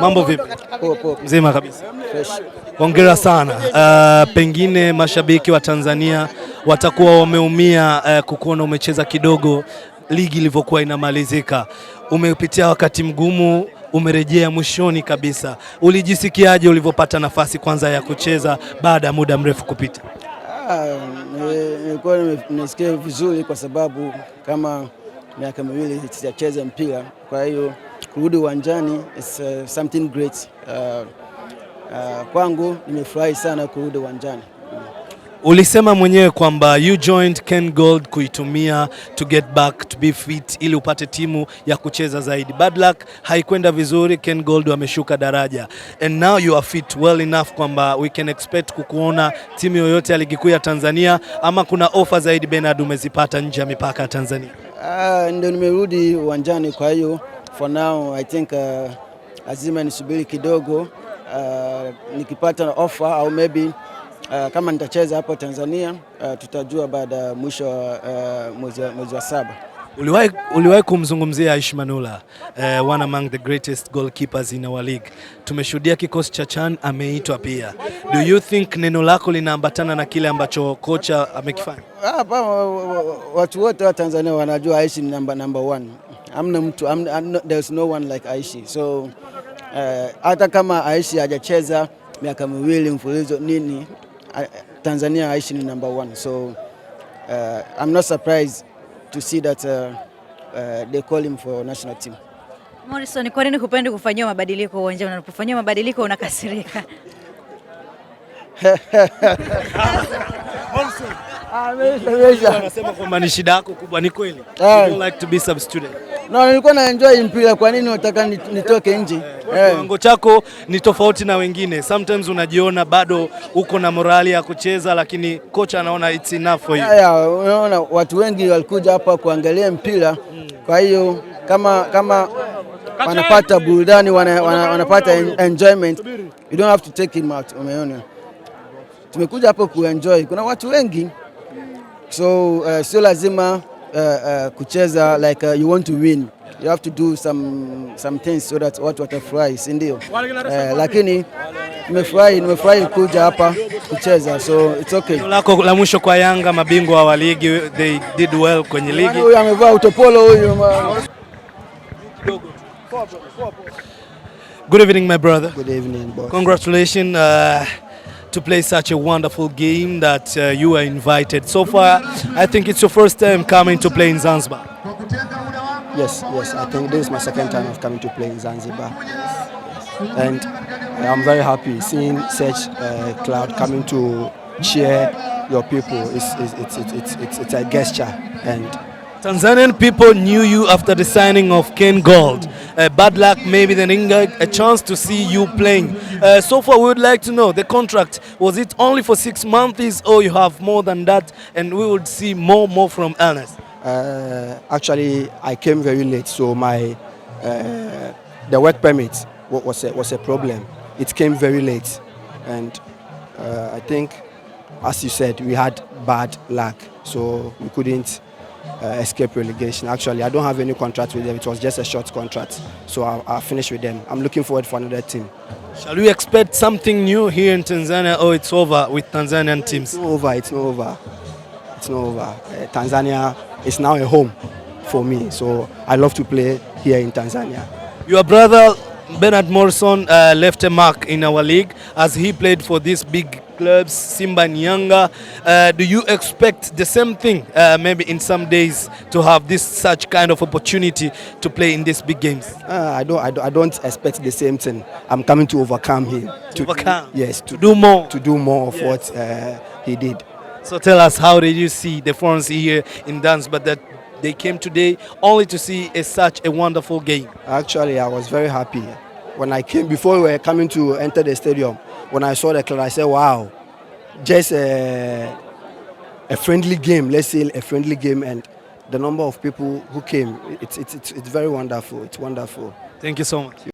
Mambo vipi? Mzima kabisa. Hongera sana. Uh, pengine mashabiki wa Tanzania watakuwa wameumia uh, kukuona umecheza kidogo ligi ilivyokuwa inamalizika. Umepitia wakati mgumu, umerejea mwishoni kabisa. Ulijisikiaje ulivyopata nafasi kwanza ya kucheza baada ya muda mrefu kupita? Ah, nilikuwa nimesikia vizuri, kwa sababu kama miaka miwili sijacheza mpira, kwa hiyo kurudi uwanjani is uh, something great uh, uh, kwangu nimefurahi sana kurudi uwanjani. Ulisema mwenyewe kwamba you joined Ken Gold kuitumia to get back to be fit ili upate timu ya kucheza zaidi. Bad luck haikwenda vizuri, Ken Gold wameshuka daraja and now you are fit well enough kwamba we can expect kukuona timu yoyote ya ligi kuu ya Tanzania ama kuna ofa zaidi Bernard umezipata nje ya mipaka ya Tanzania? Uh, ndio nimerudi uwanjani, kwa hiyo for now I think uh, lazima nisubiri kidogo uh, nikipata offer au maybe uh, kama nitacheza hapo Tanzania uh, tutajua baada ya mwisho wa uh, mwezi wa saba. Uliwahi uliwahi kumzungumzia Aishi Manula, uh, one among the greatest goalkeepers in our league. Tumeshuhudia kikosi cha CHAN ameitwa pia. Do you think neno lako linaambatana na kile ambacho kocha amekifanya? Hapa watu wote wa Tanzania wanajua Aishi ni number, number one. Amna mtu amna, amna, there's no one like Aishi. So eh, hata uh, kama Aishi hajacheza miaka miwili mfululizo nini, Tanzania Aishi ni number one. So uh, I'm not surprised to see that uh, uh, they call him for national team. Morrison, kwa nini hupendi kufanyiwa mabadiliko uwanjani? Unapofanyiwa mabadiliko unakasirika. Ah, Anasema kwamba ni shida yako kubwa, ni kweli? Eh. like to be substituted. No, nilikuwa na enjoy mpira, kwa nini nataka nitoke nje? Eh, eh. Kiwango chako ni tofauti na wengine. Sometimes unajiona bado uko na morali ya kucheza, lakini kocha anaona it's enough for you. Yeah, unaona watu wengi walikuja hapa kuangalia mpira Kwa hiyo kama kama wanapata burudani wana, wana, wanapata enjoyment. You don't have to take him out. Umeona, tumekuja hapo kuenjoy. Kuna watu wengi So uh, sio lazima uh, uh, kucheza like uh, you want to win you have to do some, some things so that watu watafurahi, si ndio? Uh, lakini nimefurahi nimefurahi kuja hapa kucheza, so it's okay. Lako la mwisho kwa Yanga, mabingwa wa ligi, they did well kwenye ligi. Yaani huyu amevaa utopolo huyu. Good evening my brother. Good evening boss. Congratulations. Uh, to play such a wonderful game that uh, you were invited. So far, I think it's your first time coming to play in Zanzibar. Yes, yes, I think this is my second time of coming to play in Zanzibar. And uh, I'm very happy seeing such a uh, crowd coming to cheer your people. It's, it's, it's, it's, it's, a gesture. And Tanzanian people knew you after the signing of Ken Gold uh, bad luck, maybe then did uh, a chance to see you playing. Uh, so far, we would like to know the contract was it only for six months, or you have more than that, and we would see more more from Ernest. Uh, actually, I came very late, so my uh, the work permit was a, was a problem. It came very late, and uh, I think, as you said, we had bad luck, so we couldn't uh, escape relegation. Actually, I don't have any contract with them. It was just a short contract, so i I'll finish with them. I'm looking forward for another team. Shall we expect something new here in Tanzania, or it's over with Tanzanian teams? It's not over. It's not over. It's not over. Uh, Tanzania is now a home for me, so I love to play here in Tanzania. Your brother Bernard Morrison uh, left a mark in our league as he played for this big clubs, Simba and Yanga. Uh, do you expect the same thing, uh, maybe in some days, to have this such kind of opportunity to play in these big games? Uh, I, don't, I, don't, I don't expect the same thing. I'm coming to overcome him. To, to overcome? Yes. To, to, do more. To do more of yes. what uh, he did. So tell us, how did you see the fans here in dance, but that they came today only to see a, such a wonderful game? Actually, I was very happy. When I came, before we were coming to enter the stadium, when I saw the club, I said, wow, just a, a friendly game, let's say a friendly game, and the number of people who came, it's, it's, it's, it's very wonderful. It's wonderful. Thank you so much.